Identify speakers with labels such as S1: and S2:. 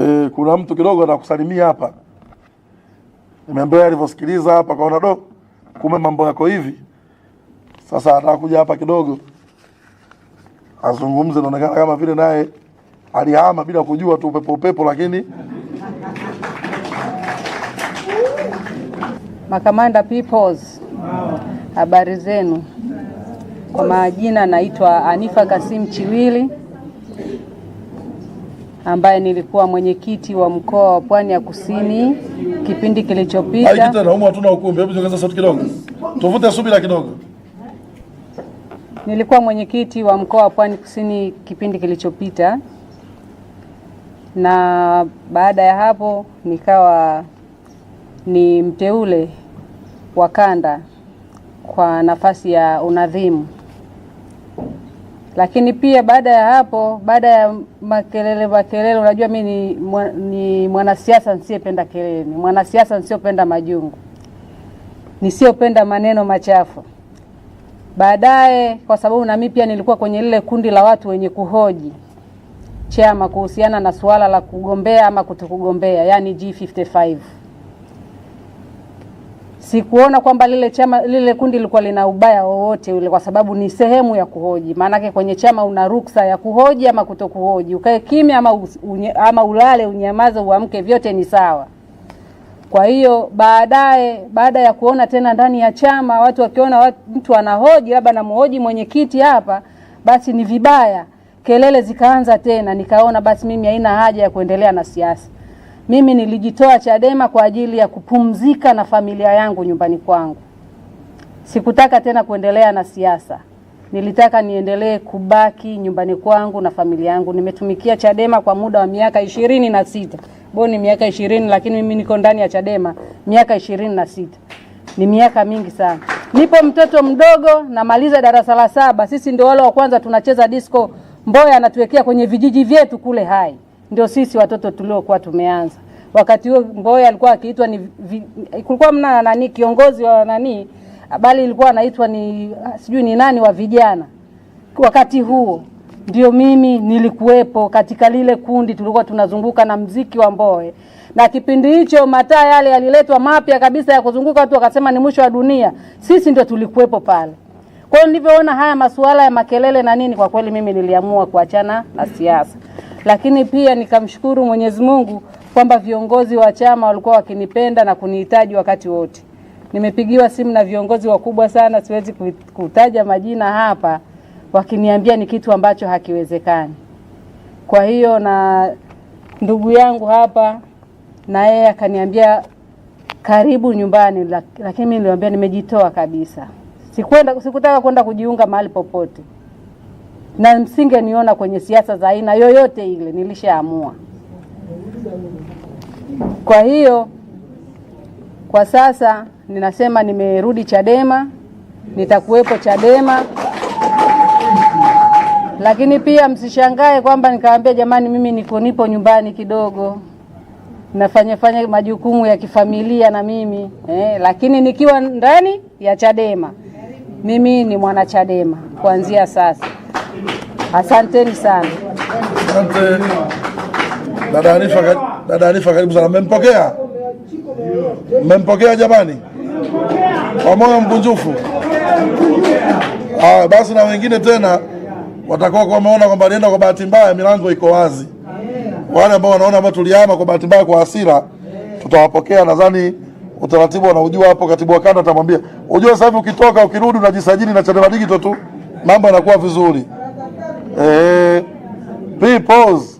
S1: e, kuna mtu kidogo anakusalimia hapa, nimeambiwa alivyosikiliza hapa, kaona do, kumbe mambo yako hivi. Sasa atakuja hapa kidogo azungumze, naonekana kama vile naye alihama bila kujua tu, upepo upepo, lakini
S2: Makamanda peoples, habari zenu? Kwa majina naitwa Anifa Kasim Chiwili ambaye nilikuwa mwenyekiti wa mkoa wa Pwani ya Kusini kipindi kilichopita.
S1: Hatuna ukumbi, hebu ongeza sauti kidogo, tuvute subira kidogo.
S2: Nilikuwa mwenyekiti wa mkoa wa Pwani Kusini kipindi kilichopita, na baada ya hapo nikawa ni mteule wa kanda kwa nafasi ya unadhimu. Lakini pia baada ya hapo, baada ya makelele makelele, unajua mi ni, ni mwanasiasa nsiyependa kelele, ni mwanasiasa nsiyopenda majungu, nisiyopenda maneno machafu. Baadaye kwa sababu nami pia nilikuwa kwenye lile kundi la watu wenye kuhoji chama kuhusiana na suala la kugombea ama kutokugombea, yani G55 Sikuona kwamba lile chama lile kundi lilikuwa lina ubaya wowote ule, kwa sababu ni sehemu ya kuhoji. Maanake kwenye chama una ruksa ya kuhoji ama kutokuhoji, ukae kimya ama, unye, ama ulale unyamaze, uamke, vyote ni sawa. Kwa hiyo baadaye, baada ya kuona tena ndani ya chama watu wakiona watu, mtu anahoji labda namhoji mwenyekiti hapa, basi ni vibaya, kelele zikaanza tena, nikaona basi mimi haina haja ya kuendelea na siasa mimi nilijitoa Chadema kwa ajili ya kupumzika na familia yangu nyumbani kwangu. Sikutaka tena kuendelea na siasa, nilitaka niendelee kubaki nyumbani kwangu na familia yangu. Nimetumikia Chadema kwa muda wa miaka ishirini na sita boni miaka ishirini, lakini mimi niko ndani ya Chadema miaka ishirini na sita ni miaka mingi sana. Nipo mtoto mdogo, namaliza darasa la saba. Sisi ndio wale wa kwanza tunacheza disco, Mboya anatuwekea kwenye vijiji vyetu kule hai ndio sisi watoto tuliokuwa tumeanza wakati huo. Mboya alikuwa akiitwa ni kulikuwa mna nani kiongozi wa nani, bali ilikuwa anaitwa ni ah, sijui ni nani wa vijana wakati huo ndio mimi nilikuwepo katika lile kundi, tulikuwa tunazunguka na mziki wa Mboe, na kipindi hicho mataa yale yaliletwa mapya kabisa ya kuzunguka, watu wakasema ni mwisho wa dunia. Sisi ndio tulikuwepo pale. Kwa hiyo nilivyoona haya masuala ya makelele na nini, kwa kweli mimi niliamua kuachana na siasa lakini pia nikamshukuru Mwenyezi Mungu kwamba viongozi wa chama walikuwa wakinipenda na kunihitaji wakati wote. Nimepigiwa simu na viongozi wakubwa sana, siwezi kutaja majina hapa, wakiniambia ni kitu ambacho hakiwezekani. Kwa hiyo na ndugu yangu hapa na yeye akaniambia karibu nyumbani, lakini niliwaambia nimejitoa kabisa, sikwenda sikutaka kwenda kujiunga mahali popote na msingeniona kwenye siasa za aina yoyote ile, nilishaamua. Kwa hiyo kwa sasa ninasema nimerudi Chadema, nitakuwepo Chadema, lakini pia msishangae kwamba nikaambia jamani, mimi niko nipo nyumbani kidogo nafanya fanya majukumu ya kifamilia na mimi eh, lakini nikiwa ndani ya Chadema, mimi ni mwana Chadema kuanzia sasa. Asanteni sana. Asante
S1: dada Anifa, dada Anifa, karibu sana. Mmempokea? Mmempokea jamani, kwa moyo mkunjufu. Ah, basi na wengine tena watakuwa wameona kwamba alienda kwa bahati mbaya, milango iko wazi. Wale ambao wanaona ambao tuliama kwa bahati mbaya, kwa hasira, tutawapokea. Nadhani utaratibu wanaujua hapo, katibu wa kanda atamwambia. Unajua sasa hivi ukitoka ukirudi unajisajili na Chadema Digital tu, mambo yanakuwa vizuri eh, pre